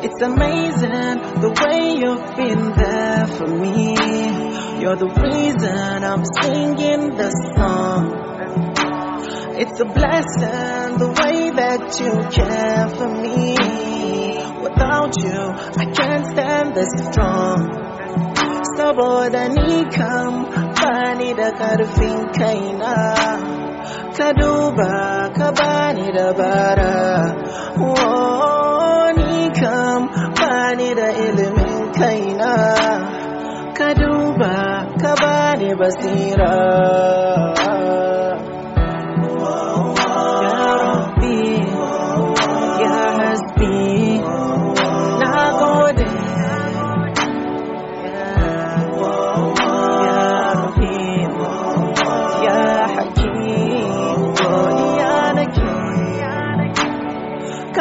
It's amazing the way you've been there for me. You're the reason I'm singing the song. It's a blessing the way that you care for me. Without you, I can't stand this strong. Saboda ni kam bani da karfin kaina ka duba ka bani da bara ni kam bani da ilimin kaina ka duba ka bani basira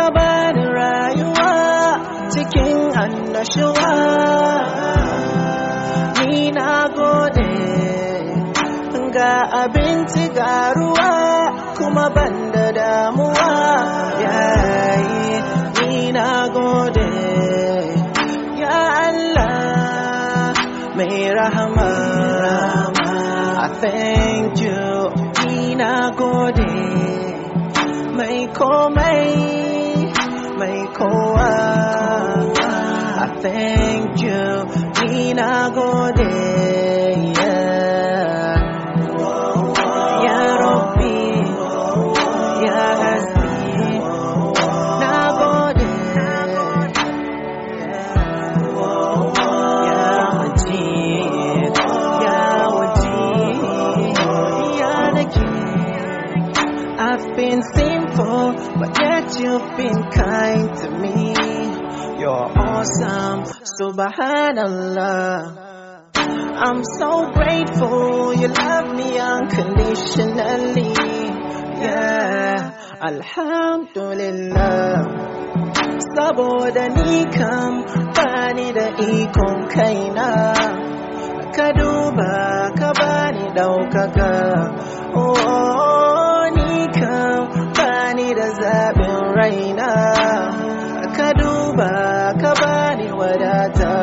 ka bani rayuwa cikin annashuwa ni na gode ga abinci ga ruwa kuma ban da damuwa yayi ni na gode ya Allah mai rahama I thank you ni na gode mai komai I thank you Nina Na Godeya have been sinful but yeah that you've been kind to me. You're awesome, subhanallah. I'm so grateful you love me unconditionally. Yeah, alhamdulillah. Saboda ni kam bani da ikon kaina, ka duba ka bani ɗaukaka. abin raina ka duba ka bani wadata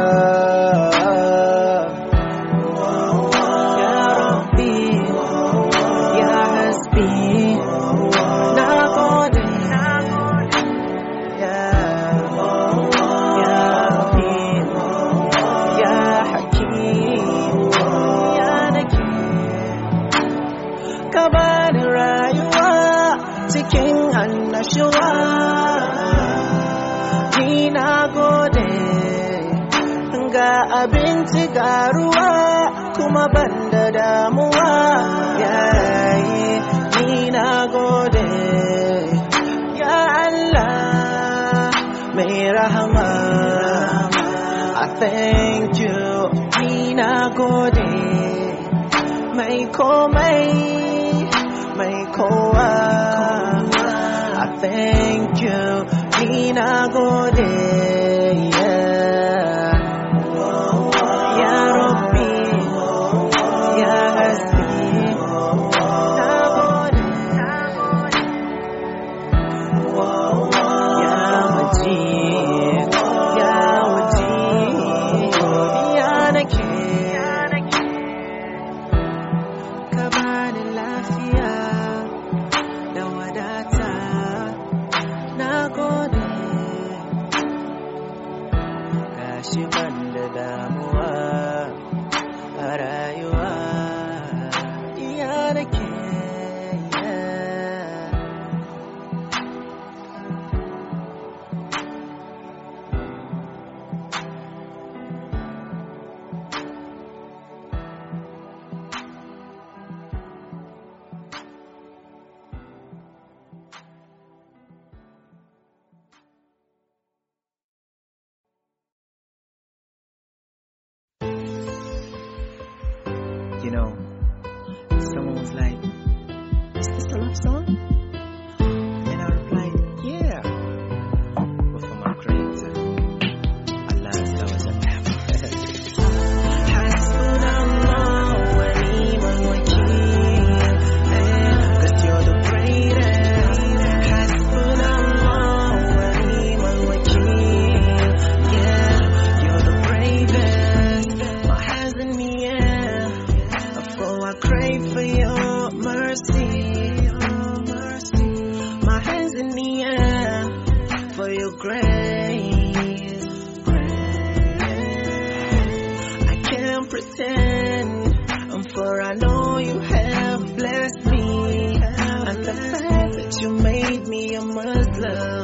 abinci ga ruwa kuma ban da damuwa yayi ni na gode ya Allah mai rahama I thank you Nina na gode mai komai mai kowa I thank you Nina gode for your grace. I can't pretend, um, for I know you have blessed me. And the fact that you made me a Muslim.